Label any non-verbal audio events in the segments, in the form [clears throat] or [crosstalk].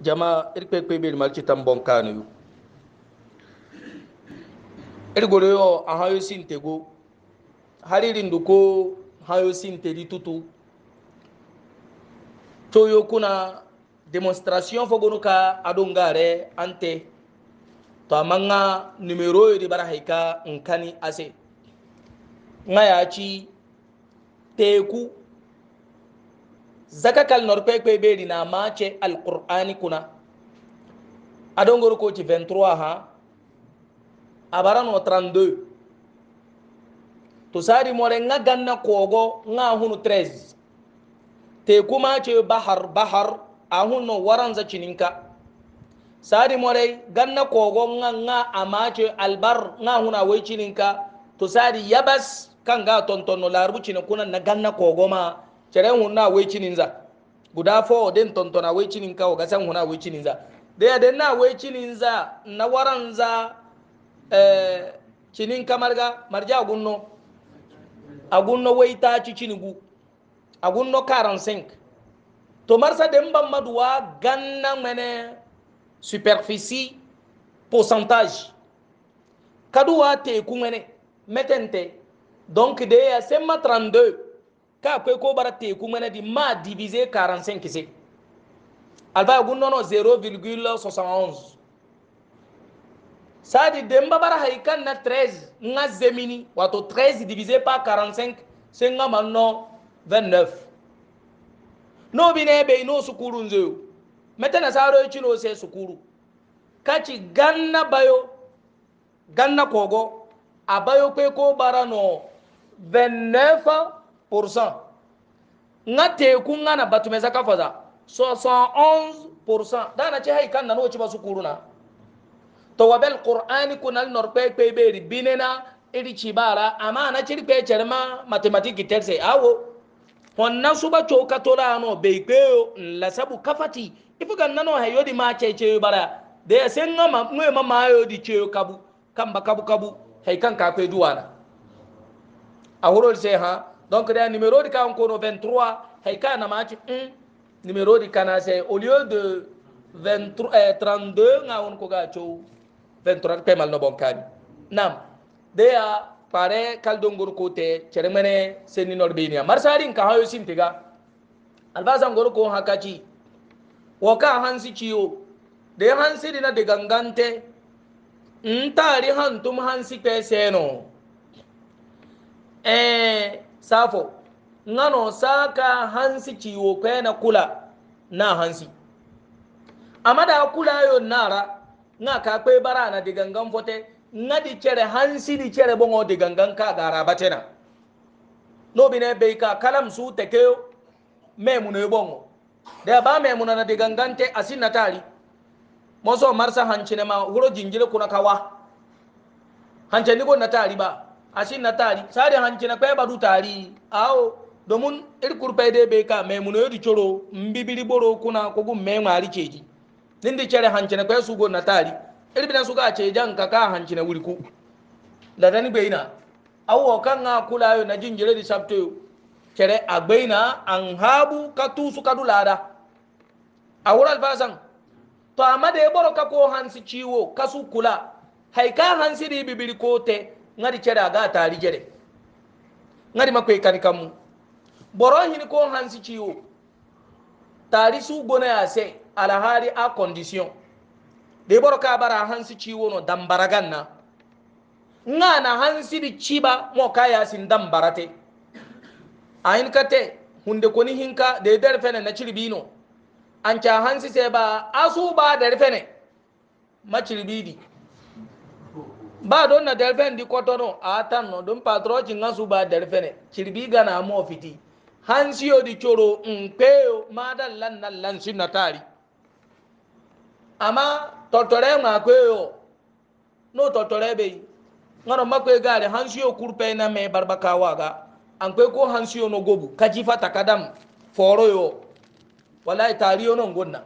jama irkwe kwe bir malci tambon kanu irgoro yo a hayo sin tego haririn duko hayo sin teri tutu to yo kuna demonstration fogono ka adon gare ante to manga numero yo di bara haika nkani ase nga ya ci teku zaka kal norpe kwe beri na mache alqur'ani kuna adongoro ko ci 23 ha abarano 32 to sari more nga ganna kogo nga hunu 13 te kuma ce bahar bahar a hunu waranza cininka sari more ganna kogo nga nga amace albar nga huna wai cininka to sari yabas kan ga tontonno larbu cinikuna na ganna kogo ma ceren hunna wai chininza. guda fo den tontona wai cinin kawo ga san hunna wai chininza. da ya den na wai chininza, na waranza eh cinin kamarga marja agunno, agunno wai ta ci cinigu agunno karan sink to marsa den ban maduwa ganna mene superficie pourcentage kaduwa teku mene metente donc de ya sema 32 ka akwai ko bara teku mana di ma diviser 45 kise alfa gun nono 0,71 sadi demba bara haikan na 13 nga zemini wato 13 diviser par 45 sai nga manno 29 no bi ne be no sukuru nzeyo mete na saro e chino se sukuru kaci ganna bayo ganna kogo a bayo kwe ko bara no 29 91% nga teku nga na batumeza kafaza 71% dana ce hai kan nanu ci basu kuruna to wabel qur'ani kunal norpe pe be ribine na iri ci bara amma na ci pe cerma mathematics terse awo wannan su ba coka tola no be gbeyo la sabu kafati ifuga nanu hayo di ma ce ce bara da ya sen nga ma ngwe ma mayo di ce kabu kamba kabu kabu hai kan ka kwe duwana a hurol sai ha donc da numéro di ka encore 23 hay ka na ma ci un numéro di kana c'est au lieu de 23 eh, 32 nga won ko ga cho 23 pe mal no bon kan nam de ya pare kal dongor ko te ceremene seni norbinia marsarin ka hayo sintiga albasan gor ko hakaci woka hansi ciyo de hansi dina de gangante ntari hantum hansi pe seno eh safo ngano saka hansi ciwo na kula na hansi amma da kula yo nara na ka kwe bara na digangan fote nga di cere hansi di cere bongo digangan ka gara batena no bi ne ka kalam su teke me mu ne bongo da ba me mu na digangan te asin na tari mozo marsa hancine ma huro jingire kuna kawa hancene go na tari ba asin na tari sari hanci na kwaya badu tari awo domin irkur fai dai bai ka mai muno yadda coro mbibiri boro kuna kogun mai mari ceji din da cere hanci na kwaya sugo na tari irbinan su ga ce jan ka ka hanci na wuri ku da dani bai na awo kan na kula yo na jinjire di sabto cere agbai na an habu ka tu su kadu lada a wurin alfasan to amma da ya boro ka ko hansi ciwo kasu kula haika hansi di bibiri ko te ngadi ceda ga tari jere ngadi makoy kan kamu boro hin ko hansi ciwo tari su gona ya se alahari a condition de boro ka bara hansi ciwo no dambaragan na nga na hansi di ciba mo kaya sin dambarate ayin kate hunde koni hinka de der fene na cirbino an ca hansi se ba asu ba der fene macirbidi ba na delfen di kotono a tan no don patroci nga su ba delfene cirbi gana mo fiti hansiyo di coro npeyo madan lan nan lan sinna tari amma tɔtɔrɛ ŋmaa koe o n'o tɔtɔrɛ bɛ yen ŋɔnɔ ma koe gaari hansiyo kurupɛ na mɛ bariba ka waga an koe ko hansiyo no gobu kajifa takadam fɔɔrɔ yo walayi taari yo no ngon na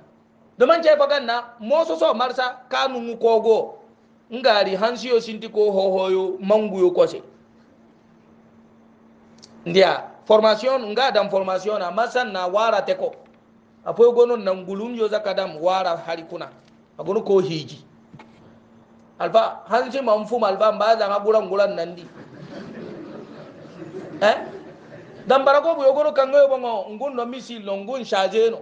doman cɛ bagan na mɔsɔsɔ marisa k'a nungu kɔɔgo ngari hansiyo sinti ko hohoyo manguyo kose ndiya formation nga dam formation a masan na wara teko apoy gonon na gulum yo zaka wara harikuna agono ko hiji alfa hansi manfum alfa mbaza nga guran guran nandi [laughs] eh dambara ko buyo gono kango yo bongo ngun no misi longun shajeno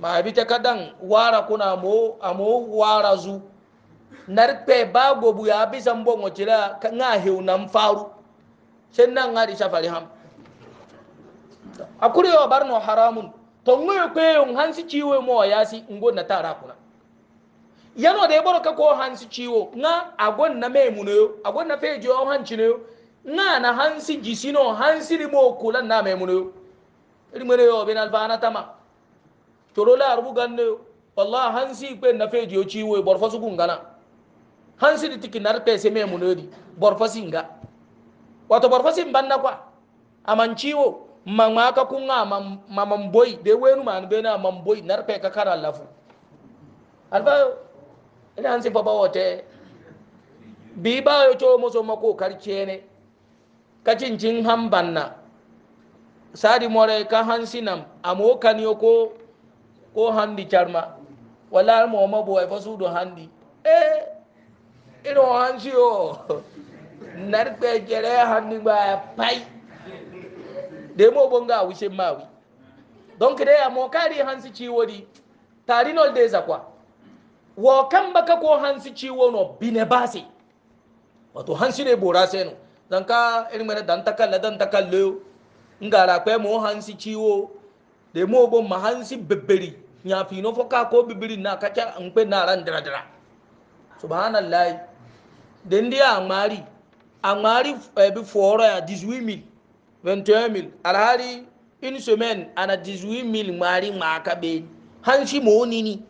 ma bite kadan wara kuna mo amo wara zu narpe ba gobu ya bi san bongo cira nga heu nan faru sen nan ngari safari ham akuri yo barno haramun to ngoyo kwe yon hansi ciwo mo yasi ngo na tara kuna yano da yabaro ka ko hansi ciwo nga agon na me muno yo agon na feji yo hanci no nga na hansi jisino hansi limo kula na me muno yo rimere yo bin alfana tama toro arbu ganne yo wallahi hansi kwe na feji yo ciwo bor fasu gungana hansidi tiki nar pese me borfasi borfosinga wato borfasi banna kwa aman ciwo mama ka kunga mamam boy de wenu man be na mam boy nar pe ka kara lafu alba ina hansi baba wote bi ba yo to mo so mako karce ne kacin cin han banna sadi more ka hansi nam amo kaniyo ko ko handi charma wala mo mabo e fasudo handi eh irin wanziyo narpe jere hannu ba pai da mo bonga a wuce mawi don ka daya mo kari hansu di tari nol da zakwa wa kan baka ko hansi ciwo no bine base wato hansu ne bora sai no dan ka irin mana dan takalla dan takalle ngara kwe mo hansi ciwo da mo bon ma hansu bebberi nya fi no foka ko bibiri na kacha npe na ran dira dira subhanallah den dia angmari angmari eh, bi foro ya 18 mil 21 mil alhali in semaine ana 18 mil ngmari ngmaka be hanshi mo nini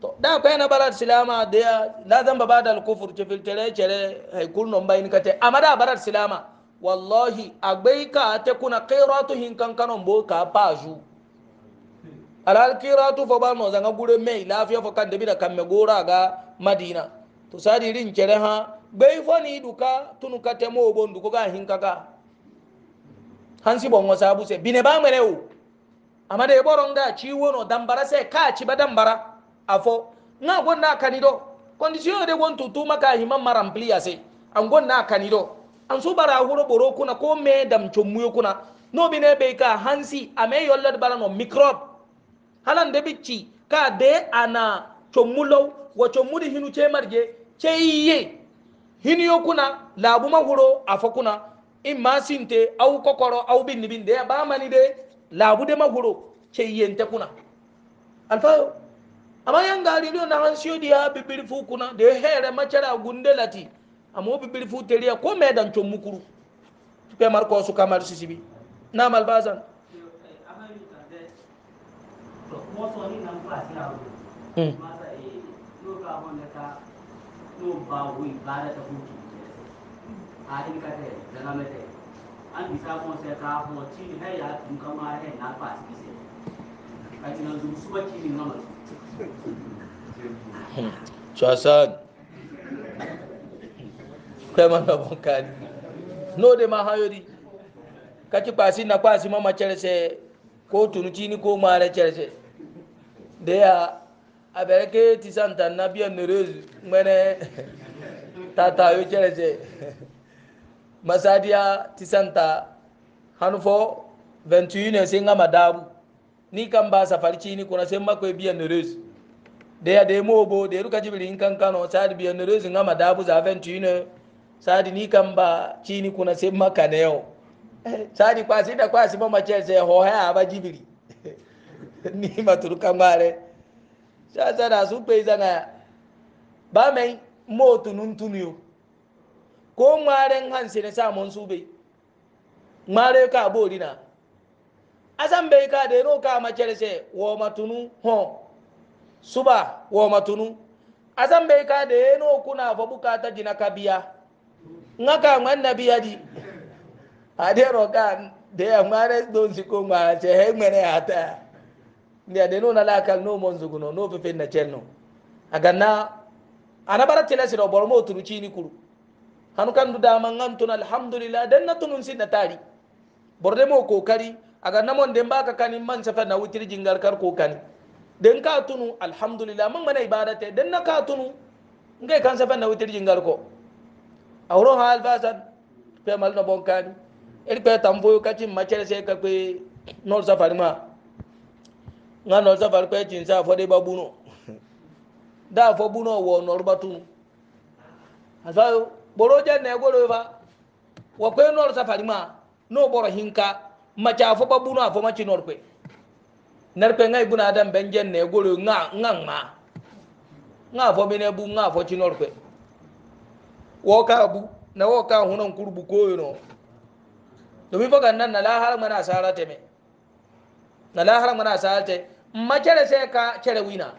to da kai na barar silama da ya la zan ba da alkufur ce filtere cere haikul non bayin kate amma da barar silama wallahi agbai ka ta kuna qiratu hin kan kanon bo ka paju alal qiratu fa ba no zanga gure mai lafiya fa kan da da kan me gora ga madina to sadi rin ha bai fani duka tunu ka temo obon duko ga hin hansi bon wasa buse bine ba mere o amma da e boron ga dambara se ka ci ba dambara afo na gonna kanido condition de gon tutu maka himan maram pliya sai an gonna kanido an su bara huro boro kuna ko me dam chomuyo kuna no bine be ka hansi ame yollad bara no microbe halan de bicci ka de ana chomulo wa chomudi hinu che marje che yiye hiniyo kuna labu huro afo kuna imma sinte au kokoro au binni binde ya bamani de labu de mahuro ce yente kuna alfayo amma yan gari liyo na han siyo diya bibiri fu kuna da ya here macara gunde lati amma bibiri fu teriya ko me dan chon mukuru tupe marko su kamar bi na malbazan Mm yóò ba hari kata daga mata an bisa kuma sai ka kuma ci har ya tun kama har na ba su bisa kaji na zuwa su ba मत ne na Chasan. Kai mana bunkani. No de ma hayori. Kaci kwasi na kwasi mama cerese ko tunuci ni ko mare cerese. Da ya abere ke ti santa na bia nerez mene tata yo chelese masadia ti santa hanfo 21 sai ngama dabu ni kan ba safari ci ni kuna sai makwe bia nerez de ya de mo bo de ruka jibiri in kan kano sadi bia nerez ngama dabu za 21 sadi ni kan ba ci ni kuna sai maka ne yau sadi kwasi da kwasi mama chelese ho ha ba jibiri ni maturu kan bare sasa na pe izanga ya mai motu nuntuniyo ko ŋmaare ŋhan sene sa mon sube mare ka bori na asan be ka de no ka macere se wo matunu ho suba wo matunu asan be ka de no kuna fa bukata jina kabiya ngaka ngwan nabiya di ade roka de ŋmaare don siko ŋmaare se he ŋmene ata ndia de no na la kal no mon zuguno no fe fe na chelno aga na ana bara tela siro bor mo turu chini kuru hanu kan du da mangan tun alhamdulillah dan na tunun sin na tari borde de mo kokari aga na mon de mbaka kani man safa na wutiri jingar kar kokani den ka tunu alhamdulillah man mana ibadate den na ka tunu ngai kan safa na wutiri jingar ko awro ha alfasan pe mal no bonkani el pe tamboyo kati machere se ka pe nol safari ma nga nɔ safari kpɛ tsin sa fɔ de ba bunu [laughs] daa fɔ bunu wɔ nɔrɔba tunu afa yo boro jɛ nɛ goro fa wa kpɛ nɔrɔ safari ma n'o bɔrɔ hinka ma ca fɔ ba bunu a ma ci nɔrɔ kpɛ nɛrɛ kpɛ nga i buna adam bɛn jɛ nɛ goro nga nga ŋma nga fɔ mi nɛ bu nga fɔ ci nɔrɔ kpɛ wɔɔ kaa bu na wɔɔ kaa hunan kurubu kooyo nɔ domin fɔ ka nan na lahara ŋmɛ na asara tɛmɛ na lahara mana salte ma kere sai ka kere wina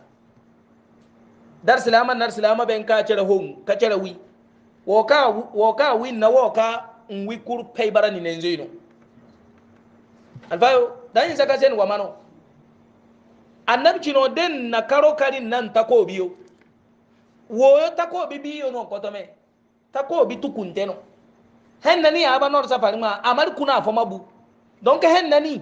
dar silama nar silama ben ka kere hon ka kere wi wo ka win na wo ka nwi kur pay barani ne nzino alfayo dan yin saka sen wa mano annabi kino den na karo karin nan tako biyo wo tako bi biyo no kotome tako bi tukunte no hen nani aba nor safari ma amar kuna fo mabu donc hen nani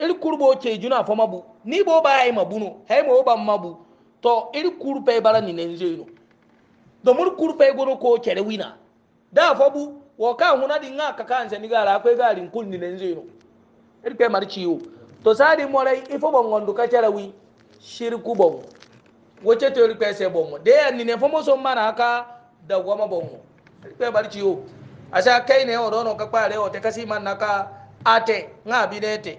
iri kurbo ke juna fo mabu ni bo ba ai mabuno hay mo ba mabu to iri kurpe bara ni nenje no do mur kurpe gono ko kere wina da fo bu wo ka huna di nga ka kan ni gara kwe gari kul ni nenje no iri pe mar ciwo to sadi morai ifo bon gondo ka kere wi shirku bon wo ce to iri pe se bon de ya ni ne fo mo so mana aka da goma bon iri pe mar ciwo asa kai ne o do no ka pare o te kasi man naka ate nga bi ne te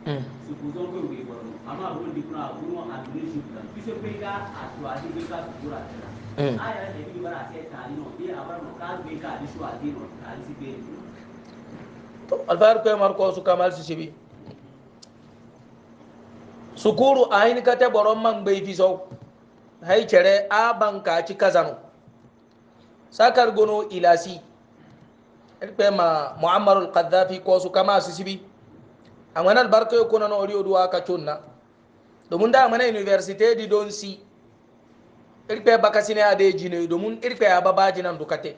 su ku zan kai wuri kwanu amma abin da kuna kuma a duniya shi kuma bisa kai ka a shuwa shi kai ka su kura tana a yara da yi bara sai tari no bi a bar no ka kai ka di shuwa di no ka di si bai to alfahar kai marko su kamal su shibi sukuru a hin ka man bai fi sau hai kere a ban ka ci kazano sakar gono ilasi ma mu'ammarul qaddafi ko kama su sibi amana albarka yo kono no ori odu aka chonna domin da amana university di don si irpe bakasine ade jine domin irpe ababa jinan dukate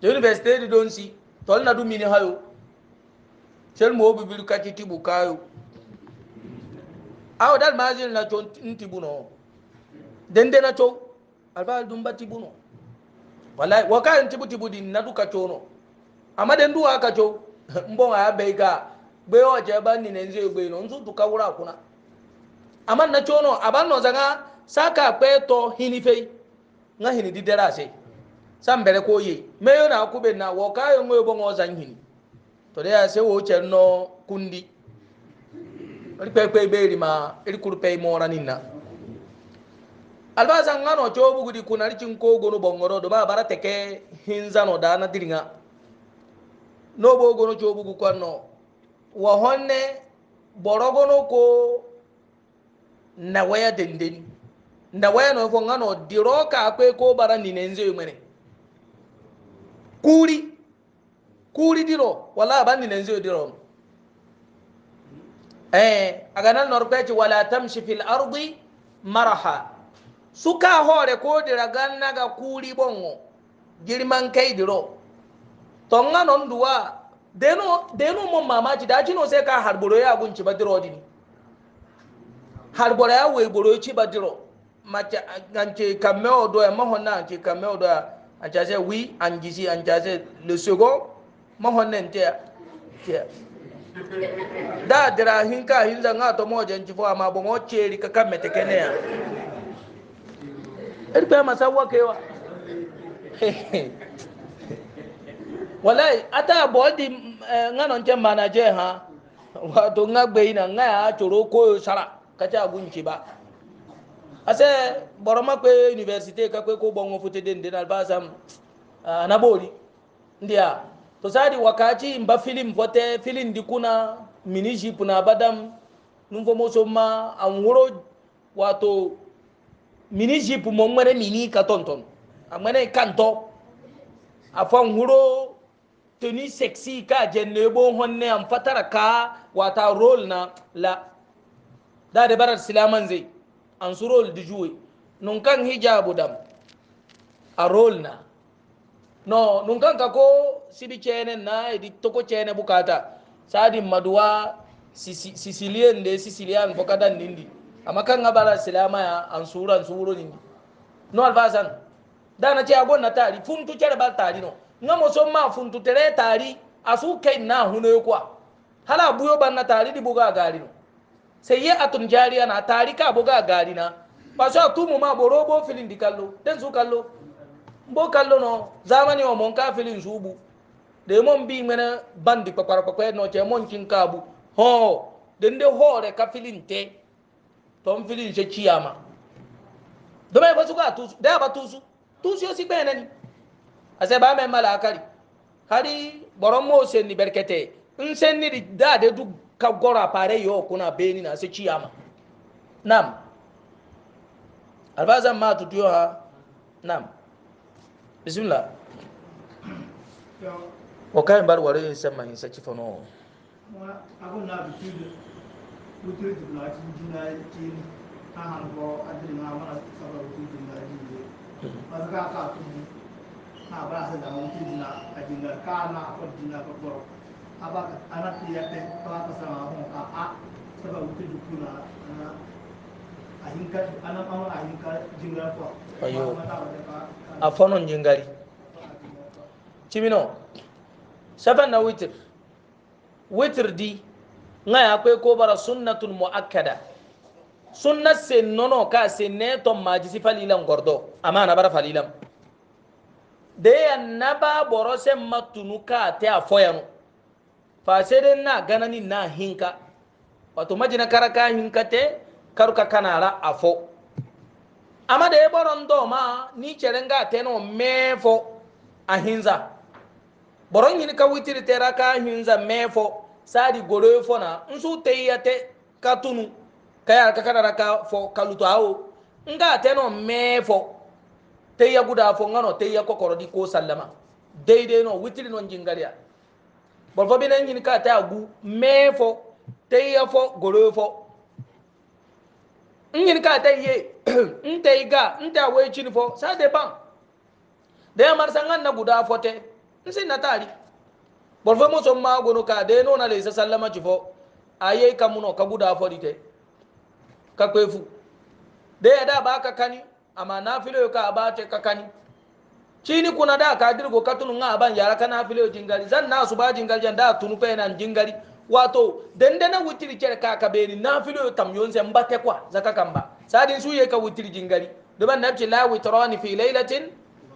to university di don si tol na du mini hayo sel mo bi bilu kati tibu kayo aw dal mazil na chon tibu no dende na chon alba dum batibu no wallahi wakarin tibu tibu din na duka chono amma den duwa ka cho [laughs] mbon a bega gbewa wa je ban ni nze gbe no nzu duka wura kuna amma na chono aban no zanga saka pe to hini fei nga hini di dera se san bere ko ye me yo na ku be na wo ka yo ngo bon ozan hini to de ya se wo che no kundi ri pe pe be ri ma ri kuru pe mo ranin na albasa ngano chobu gudi kuna ri chin ko gono bongoro do ba bara teke hinza no dana diringa no bo gono chobu gu kwanno wahonne borogono ko nawaya dendeni nawaya no fo ngano diroka akwe kwe ko bara ni nenze yumene kuri kuri diro wala ban ni nenze diro eh aga nan norpechi wala tamshi fil ardi maraha suka hore ko dira ganna ga kuri bongo girman kai diro Tonga ngano nduwa deno deno mo mamaji da jino sai ka harboro ya gunci badiro dini harboro ya we boro ci badiro mace anke kamme odo ya mahonna anke kamme odo ya anke sai wi angizi anke sai le sego mahonna nte ya da dira hin ka hin zan to mo jen ci fo amma bo mo ceri ka kamme te kene ya irbe masawa kewa wala ata bol di eh, ngano nche mana je ha wato nga na nga ya choro ko sara kacha agunchi ba ase boroma kwe university ka kwe ko bongo fute den den albasam uh, na boli ndia to sadi wakati mba film vote film dikuna miniji puna badam numfo moso ma anwuro wato miniji ma ngwere mini ka tonton amene kanto afan huro tuni sexy ka jenne bo honne am fatara ka wata role na la da da barar silaman zai an su role di juwe nun hijabu dam a role na no nun kan ka ko sibi chene na idi toko chene bukata sadi maduwa sicilian de sicilian ko kadan nindi amma kan ga barar silama ya an suran suro nindi no albasan da na ce agon na tari fun tu cere bal tari no nga moso ma funtu tere tari asu kai na huno kwa hala buyo banna tari di buga gari no sai ye atun jariya na taari ka buga gari na paso tumu ma borobo filin di kallo den su kallo mbo kallo no zamani o mon ka filin subu de mon bi mena bandi kwakwara kwakwa no che mon kin kabu ho den de hore ka filin te ton filin je chiyama dome ko su ka tusu da ba tusu tusu yo si benani ase ba men mala akari hari boron mo sen ni berkete in sen da de du ka gora pare yo kuna beni na se ciyama nam albazan ma tutuyo ha nam bismillah o kayan bar wari yin sama yin sa kifa no abun na bitu wutu jula mm-hmm. cin juna cin ta hanbo adilin amana sabar wutu jula de je ba ka ka tun ha ba sa da mun tijina a jingar kana ko jingar ko ko aba anak dia te to ta sama mun ka a saba wuti dukuna na a hinka ana ma a hinka jingar ko ayo a fonon jingari cimino safan na witir witir di nga ya kwe ko bara sunnatun muakkada sunnat se nono ka sen ne to maji si falilan gordo amana bara falilan deya naba boro se matunu ka te a foyanu fa sede na ganani na hinka wato majina karaka hinka te karuka kanara a fo amma da ya boron ma ni ceren ga te no mefo a hinza boron yin ka witiri te raka hinza mefo sadi goro fo na nsu te ya te katunu kayar ka kanara ka fo kaluto awo nga te no mefo teyya guda fo ngano teyya kokorodi ko sallama deydey no witiri noon jingariya bon fo binen ñin ka ta gu mee fo teyya fo goroyo fo ñin ka tay ye [clears throat] ntey ga nta woy cini fo ça dépend deya marsa ngan na guda fote nsinna taari bon fo mosom magono ka de nona leysa sallama ci fo a kamuno kammuno ka guda fodi te ka kwe fu deya ba ka kani amma nafilo ka abate kakani chini kuna da ka dirgo katunu nga aban yara ka nafilo jingali zan nasu ba jingal jan da tunu pe nan jingali wato dandana wutiri cer ka ka beni nafilo tam yonse mbate kwa zaka kamba sadin suye ka wutiri jingali duban nabci la witrani fi laylatin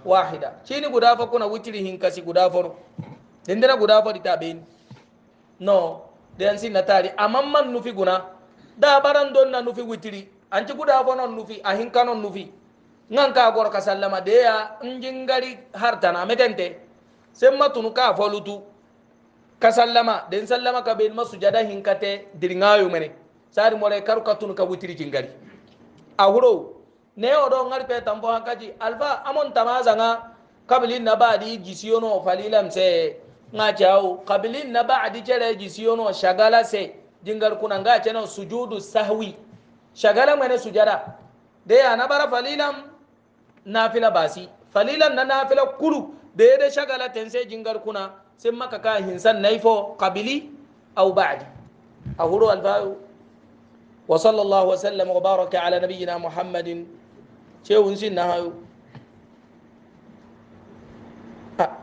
wahida chini guda fa kuna wutiri hinkasi guda foro na guda fa ta beni no dan sin natari amman man nufi guna da baran don na nufi wutiri anci guda fa non nufi ahinka non nufi nan ka bor ka sallama de ya njingari hartana metente semma tunu ka folutu ka sallama den sallama ka bel masujada hinkate dirngayo mene sari more karu ka tunu ka wutiri jingari ahuro ne odo ngar pe tambo hankaji alfa amon tamaza nga kabili na baadi jisiyono falilam se nga chao kabili na baadi chere jisiyono shagala se jingar kuna nga cheno sujudu sahwi shagala mene sujada de anabara falilam nafila basi falilan na nafila kulu da ya da shagala ten sai jingar kuna sai maka ka hinsan naifo qabili aw ba'di a huru albayu wa sallallahu wa sallam wa baraka ala nabiyyina muhammadin cewun sin na hayo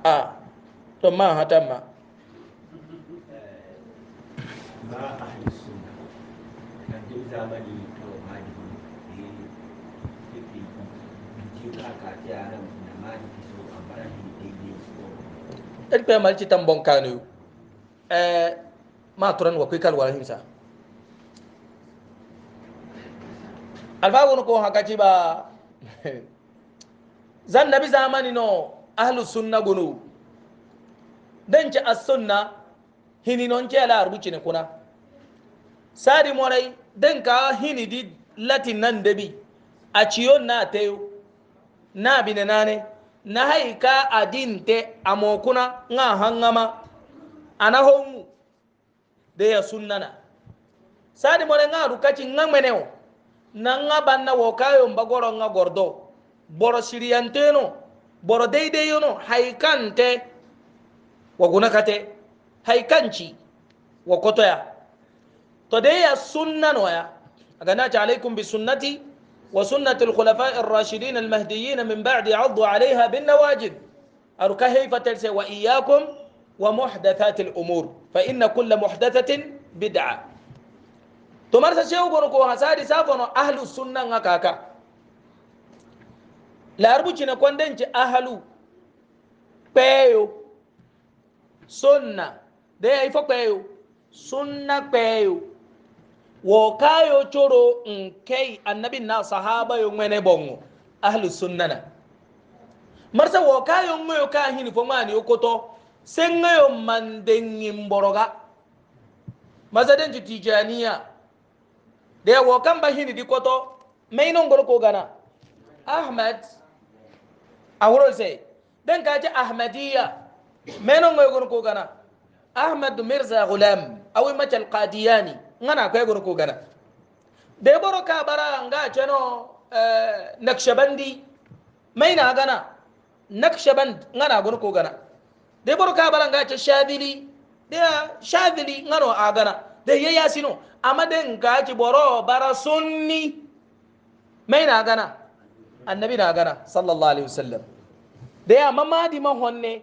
a to ma hatan ma ba ahli sunna kan zamani ed kpe mali citan bon kanu eh ma turan wa kwe kal wala himsa alfa wono ko hakati ba [laughs] zan nabi zamani no ahlu sunna gono dan ci as sunna hini non ce la rubuci ne kuna sari morai dan ka hini di latin nan dabi a ciyon na tayo na bine nane ka haika adinte amokuna nga hangama ana hongu de ya sunnana sadi mone nga rukaci nga meneo na nga banna wokayo mbagoro nga gordo boro siriyanteno boro daidayono haikante wagunakate haikanci wakotoya to de ya sunnanoya aganaci alaikum bi sunnati وسنة الخلفاء الراشدين المهديين من بعد عضوا عليها بالنواجد أركهي فتلسى وإياكم ومحدثات الأمور فإن كل محدثة بدعة تمارس شيء بنكو هسادي سافنو أهل السنة نكاكا لا أربوش نكوندنج أهل بيو سنة ده يفوق بيو سنة بيو wo kayo coro in annabi na sahaba yo ngene bongo ahlus sunnana marsa wo kayo ngoyo ka hini fo mani okoto sengayo mandengi mboroga mazaden ju tijaniya de wo kamba hini di koto meino ngoro ko gana Ahmed. awrol sey den kaje ahmadiya meino ngoyo ko gana Ahmed mirza gulam awi machal qadiyani ngana kwe goro ko gana de boro ka bara nga cheno eh, nakshabandi mai na gana nakshband ngana goro ko gana de boro ka bara nga che shadili de shadili ngano agana de ye yasino amma de nga chi boro bara sunni mai na gana annabi na gana sallallahu alaihi wasallam de amma di mahonne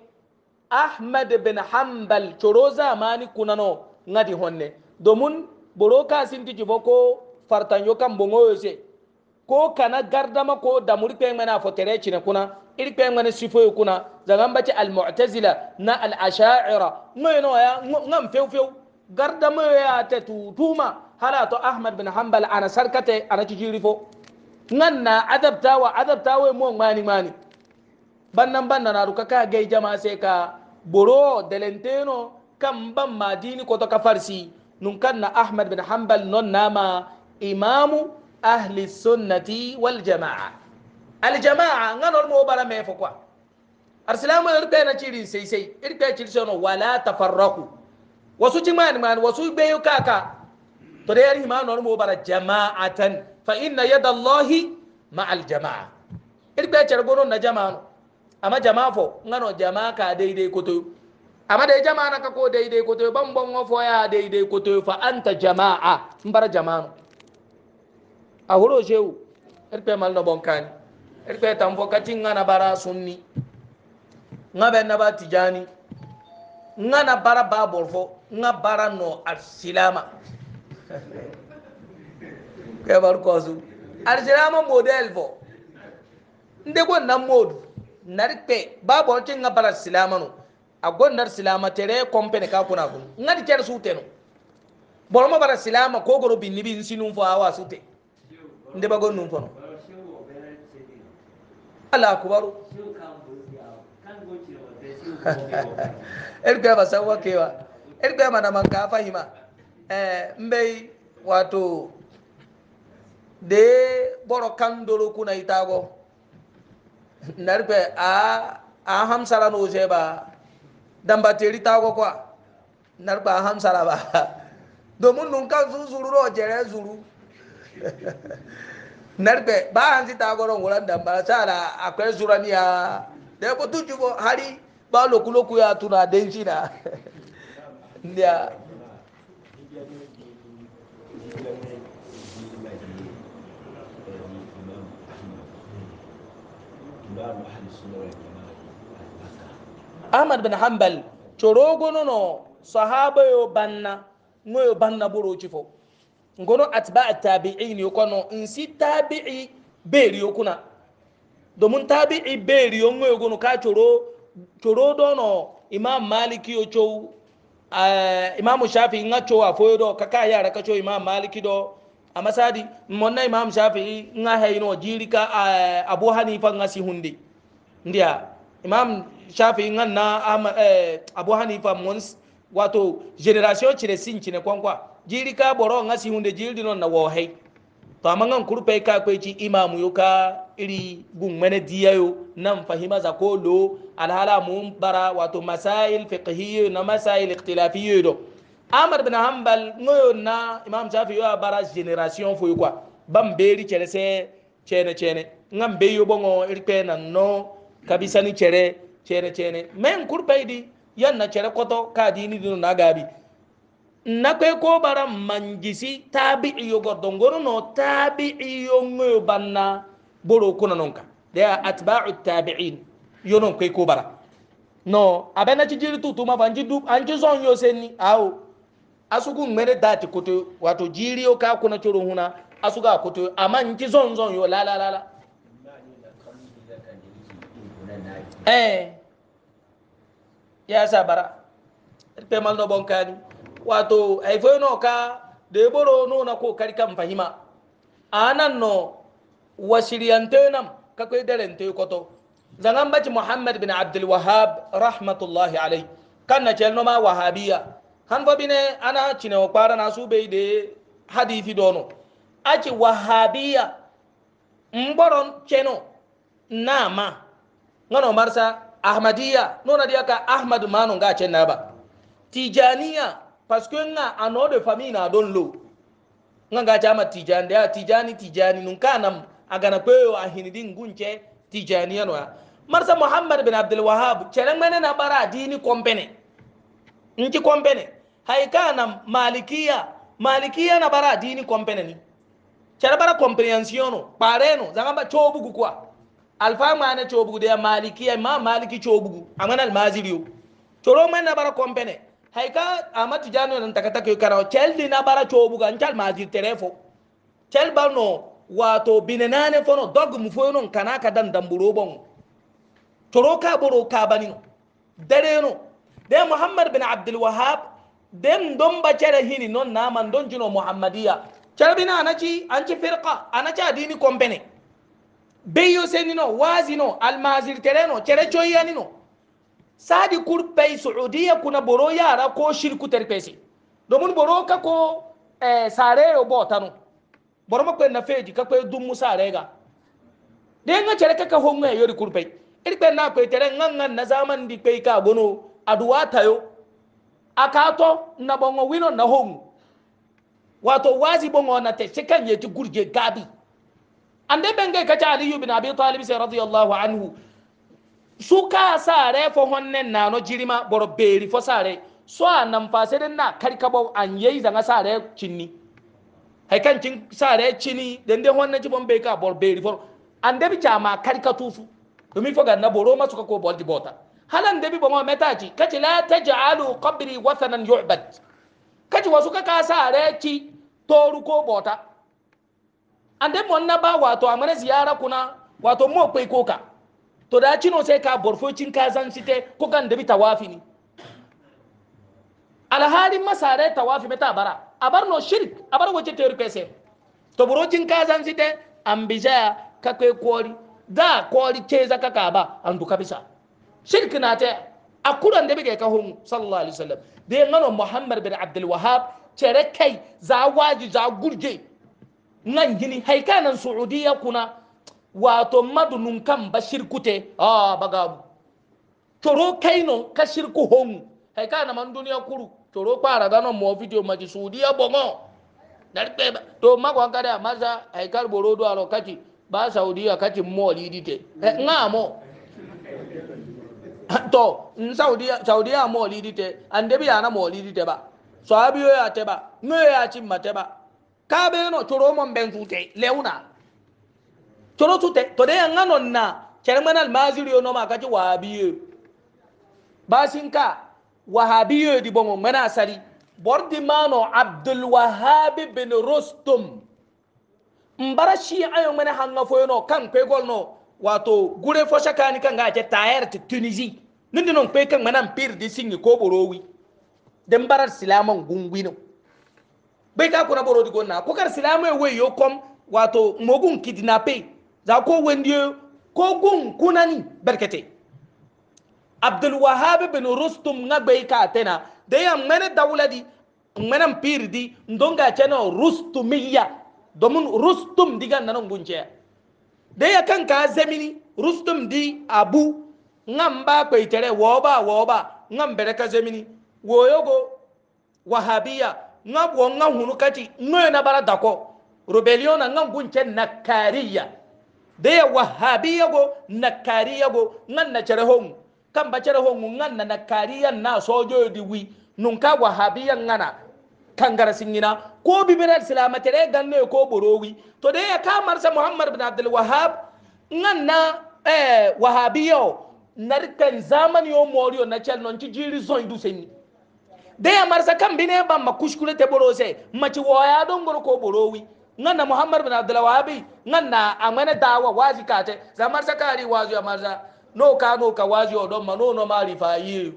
ahmad bin hanbal choro zamani kunano ngadi honne domin boro ka sinti jibo ko fartanyo kan bongo se ko kana gardama ko damuri pe ngana fo tere chine kuna iri pe ngana sifo kuna zagamba ci al mu'tazila na al asha'ira ngoyno ya ngam few few gardama ya ta tutuma hala to ahmad bin hanbal ana sarkate ana ci jirifo nganna adabta wa adabta wa mo ngani ngani bannan bannan aru kaka gai jama sai ka boro delenteno kan ban madini ko to ka farsi nun kan na ahmad bin hanbal non nama imamu ahli sunnati wal jama'a al jama'a nganol mo bara me fo kwa arsilamu irta na ciri sai sai irta ciri sai no wala tafarraqu wasu cimani man wasu beyo kaka to da yari ma nor mo bara jama'atan fa inna yada allahi jama'a irta ciri na jama'a amma jama'a fo ngano jama'a ka daidai ko to amma da jama'a ka ko daidai ko to ban ban wafo ya daidai ko to fa anta jama'a in bar jama'a a huro shehu irpe mal no bonkani irpe tamfo kati ngana bara sunni ngabe na ba tijani ngana bara ba borfo nga bara no arsilama [laughs] ke bar ko su arsilama model fo nde ko na modu narpe ba borti nga silama no a gonnar silama tere kompene ka kuna kun ngadi cer sute no boroma bara silama ko goro binni bin sinun fo awa sute nde ba gonnun fo no ala akbaru [laughs] erga ba sawa kewa erga mana man ka fahima eh mbei wato de boro kandoro kuna itago narpe a a hamsara no je dambateri ta ko kwa narba hamsara ba domin nun kan sun zuru ro jere zuru narbe ba hanzi ta goron wuran dambara sara akwai zuraniya da ya kutu jubo hari ba lokuloku ya tuna den shi ya Imam ahmad bin hanbal corogono no sahaba yo banna ngoyo banna boro chifo ngono atba tabi'in yo kono nsi tabi'i beri yo kuna domin tabi'i beri yo ngoyo gono ka coro coro dono imam maliki yo chow uh, eh, imam shafi nga chow afoyo do kaka yara ka chow imam maliki do a masadi monna imam shafi nga hayno jirika uh, eh, abu hanifa nga si hunde ndiya imam shafi ngan na ama, eh, abu hanifa mons wato generation cire sin cine kwankwa jiri ka boro nga si hunde jiri non na wohai to amma ngan kurpe ka kwe ci imam yo ka iri gun mene diyayo nan fahima za ko lo alhala mun bara wato masail fiqhiyyo na masail ikhtilafiyyo do amar bin hanbal ngoyo na imam shafi yo bara generation fo yo kwa bam beri cere se chene cene ngam be yo bongo irpe nan no Kabisa ni chere chere chere men kurpaidi yanna chere koto ka dini dinu Na kwe ko bara manjisi tabi'i yo gordongoro no tabi yo ngoyo banna boro kuna nonka de atba'u tabi'in yo non kwe ko bara no abena ci jiri tutu ma banji du anji zon yo senni awo asugu ngmere dati koto wato jiri yo ka kuna choro huna asuga koto amanji zon zon yo la la la la eh ya sabara pe mal no bonkani wato ai fo no ka de boro no na ko kari kan fahima anan no wasiriyante nam ka ko derente koto zangan bace muhammad bin abdul wahhab rahmatullahi alai kan na cel no wahabiya han fo bine ana cine o kwara na su be de hadithi dono aci wahabiya mboron ceno nama Nono marsa ahmadiyya nona dia ka ahmad manu ga cenna ba tijaniya parce que nga ano de famille na don lo nga ga jama tijani dia tijani tijani nun kanam agana kweyo ahinidi ngunche tijaniya no marsa muhammad bin abdul wahhab cenang mene na bara dini kompene nki kompene haikana malikiya malikiya na bara dini kompene ni cere bara comprehension no pareno zangamba ba chobu gukwa alfama na cobugu da maliki ma maliki cobugu amana almaziriyo coro man na bara kompene haika amatu jano nan takata ke Chel cheldi na bara cobugu an chal mazir terefo chel barno wato binenane fono dog mu fono kana ka dan damburo bon coro ka boro ka banino dare no de muhammad bin abdul wahhab dem don ba chere hini non na man don jino muhammadiya bina anachi anchi firqa anachi adini kompene beyo senino wazino almazir tereno cere coyiyanino sadi kur pey saudiya kuna boro yara ko shirku terpesi domin boro ka ko eh, sareyo botano boro makwe na feji ka kwe dummu sarega de nga cere ka ka honga yori kur pey iri kwe na kwe tere nga nga na zaman di kwe ka gono aduwa tayo akato na bongo wino na hongu wato wazi bongo na te sekan yeti gurje gabi ande benge kaca aliyu bin abi talib sai radiyallahu anhu suka sare fo honnen nano jirima boro beri fo sare so a nan fase den na karkabo an yayi zanga sare cinni hay kan cin sare cini den den honnen ci bon ka boro beri fo ande bi jama karkatufu domin fo ganna boro ma suka ko boldi bota halan debi bomo metaji kaci la taj'alu qabri wathanan yu'bad kaci wasu ka sare ci toru ko bota ande bonna ba wato amana ziyara kuna wato mo kai koka to da cino sai ka borfocin ka zan site ko kan da bi tawafi ni alhalin masare tawafi meta bara abar no shirk abar wace teori kese to borocin ka zan site ambija ka kai kori da kori ce zaka ka ba an duka bisa shirk na ta akuran da bi ka homu sallallahu alaihi wasallam da ngano muhammad bin abdul wahhab cere kai za waji za gurje nan gini haikanan saudiya kuna wato madunun kan ba shirkute a ah, bagabu toro kaino ka shirku hon haikana man duniya kuru toro kwara gano mo video maji saudiya bongo darbe to magwan kada maza haikar borodo alo kati ba saudiya kati mo lidite eh, nga mo [laughs] to saudiya saudiya mo lidite andebi ana mo lidite ba sahabiyo ya te ba teba ngoya chimma ba kaɓeno coromon ɓen tute lewna coro tute to de yanga non na cermen almasiri o noma kati wahabiye basinka wahabiye di bomo mena sari bordi mano abdulwahabi bin rostom mbara shi'a yo mene hanga foyono kan kwegol no wato gure fo shakani kan ga je tayar ti tunisi nindi non kwe kan mena mpir di singi ko borowi den barar silaman gungwino bai ka kuna borodi gonna ko kar silama we yo kom wato mogun kidnape za ko wendiyo ko gun kunani barkate abdul Wahab bin rustum nga bai ka tena da ya mene dawladi mene pirdi ndonga chena rustumiya domin rustum diga nan gunce da ya kan ka zemini rustum di abu nga mba kwaitere woba woba nga mbere ka zemini woyogo wahabiya nga bo nga hunu kati nga na bara dako rebellion na nga gunche nakariya de ya wahabiya go nakariya go nga na chere hon kan ba chere hon nga na nakariya na sojo di wi nun ka wahabiya nga na kangara singina ko bibira islama tere ganne ko borowi to de ya kamar sa muhammad bin abdul Wahab nga na eh wahabiya narkan zamani yo moriyo na chel non ci jiri zon du seni deya marsa kam bine bamma kushkule te boro se maci woya don goro ko borowi na muhammad bin abdullah wabi wahabi na amene dawa wazi kate za marsa kari wazi ya marsa no ka no ka wazi odon ma no no mari fa yi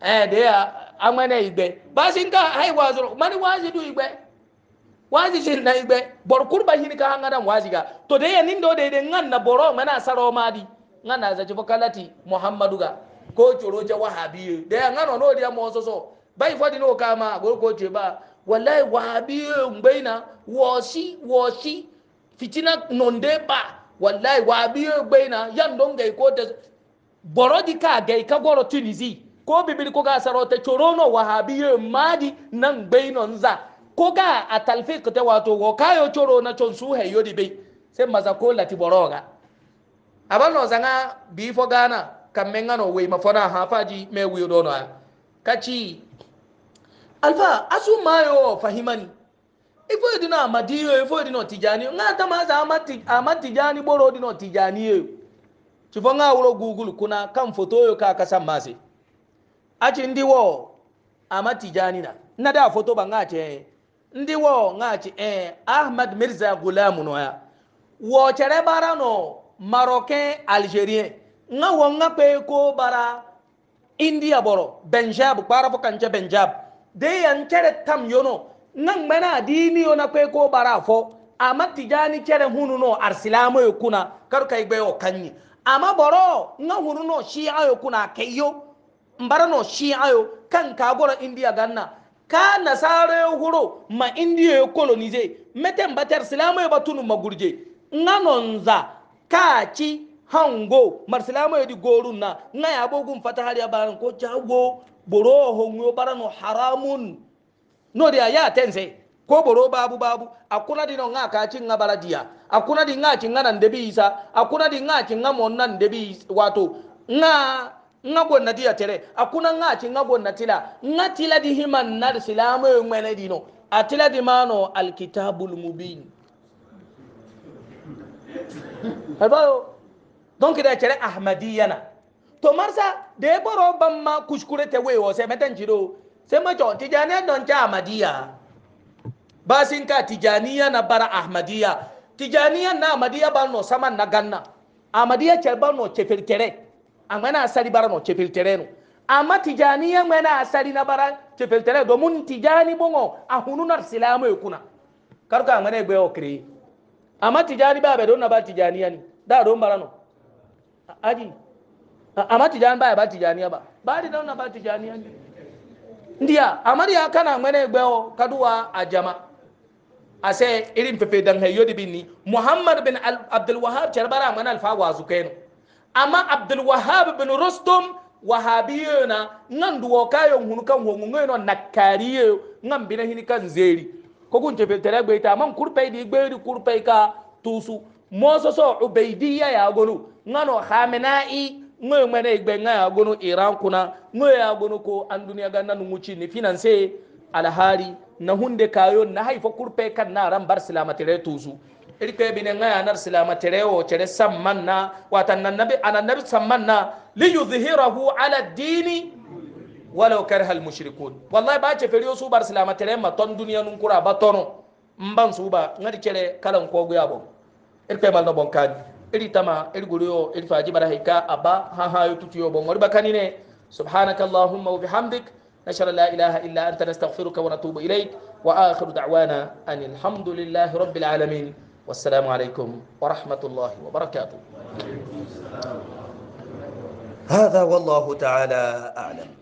eh deya amene igbe basin ka hai wazi mani wazi du igbe wazi shin na igbe bor kurba hin ka hangadan wazi ga to deya nindo de de nganna boro mana saro madi nganna za jibo kalati Muhammaduga ga ko coro ce wahabiye da yan ngano no dia mo so so bai fadi no kama gol ko ce ba wallahi wahabiye mbaina wosi wosi fitina nonde ba wallahi wahabiye mbaina yan don gai ko ta borodi ka gai ka goro tunisi ko bibiri ko ga sarota coro no wahabiye madi nan gbainon za ko ga a talfik ta wato ko kayo coro na con su hayo di bai sai maza ko lati boroga abalo zanga bifo gana ka kamme ngano we mafona ha faji me wiyo dono ya kachi alfa asu y'o fahimani ifo edina madiyo ifo edina tijani nga tamaza amati amatijani boro edina tijani yo e. chifo nga wuro google kuna kan foto yo ka kasan mase achi ndi wo amatijani na na da foto ba nga che ndi wo nga che eh ahmad mirza gulam no ya wo chere bara no marocain algerien nga wonga pe ko bara india boro benjab bara fo kanje benjab de yan kere tam yono nan mana dini yona pe ko bara fo amma tijani kere hunu no arsilamo yo kuna kar kai gbe o kanyi amma boro nga hunu no shi ayo kuna kayo mbara no shi ayo kan ka goro india ganna ka nasara huro ma india yo colonize mete mbater silamo yo batunu magurje nga nonza ka hango marsilama yodi gorun na nga ya bogun fata har ya baran ko jago boro hongo barano haramun no dia ya tense ko boro babu babu akuna dino nga ka cin nga baradiya akuna di nga cin nga nan debi isa akuna di nga cin nga mon nan debi wato nga nga gonna dia tere akuna nga cin nga gonna tila nga tila di himan nar silama yo mene dino atila di mano alkitabul mubin Hello donc da cere ahmadiyana to marsa da ya baro ban ma kuskure ta wayewa sai matan ciro sai mace tijaniya don ta ahmadiyya ba sin ka tijaniya na bara ahmadiyya tijaniya na ahmadiyya ba no saman na ganna ahmadiyya cer ba no cefiltere amma na asali bara no cefiltere no amma tijaniya ngana asali na bara cefiltere domin tijani bongo ahununar silamu yakuna karka ngana gbe okre amma tijani ba be don na ba tijaniya ni da don bara no aji amati tijani baya ba tijaniya ba ba da dauna ba tijaniya ne ndiya amari ya kana ngwene gbewo kaduwa a jama a sai irin fefe dan hayo da binni muhammad bin abdul wahab charbara ngwana alfa wazu kenu amma abdul wahab bin rustum wahabiyo na nan duwo kayo hunu kan hongu ngoyno nakariyo ngam bina hini kan zeri ko kun tefe tere gbe ta man kurpay di gbe di kurpay ka tusu moso so ubaydiya ya gonu ngano khamenai ngoy ngane igbe ngaya gonu iran kuna ngoy ya gonu ko an duniya ganna nunguci ni finance alhari na hunde kayo na haifa kurpe kan na ran bar silamatere tuzu irke bine ya nar silamatere wo cere sammanna watan nan nabi anan nabi sammanna li yuzhirahu ala dini walau karha al mushrikun wallahi ba ce feriyo su bar silamatere ma ton duniya nun kura ba tono mban su ba ngadi cere kalan ko guya bon irke mal no bon kadi iri tama iri guriyo iri faji bara hika abba ha ha yutu tiyo bongo riba kanine subhanaka Allahumma wa لا إله إلا أنت نستغفرك ونتوب إليك وآخر دعوانا أن الحمد لله رب العالمين والسلام عليكم ورحمة الله وبركاته هذا والله تعالى أعلم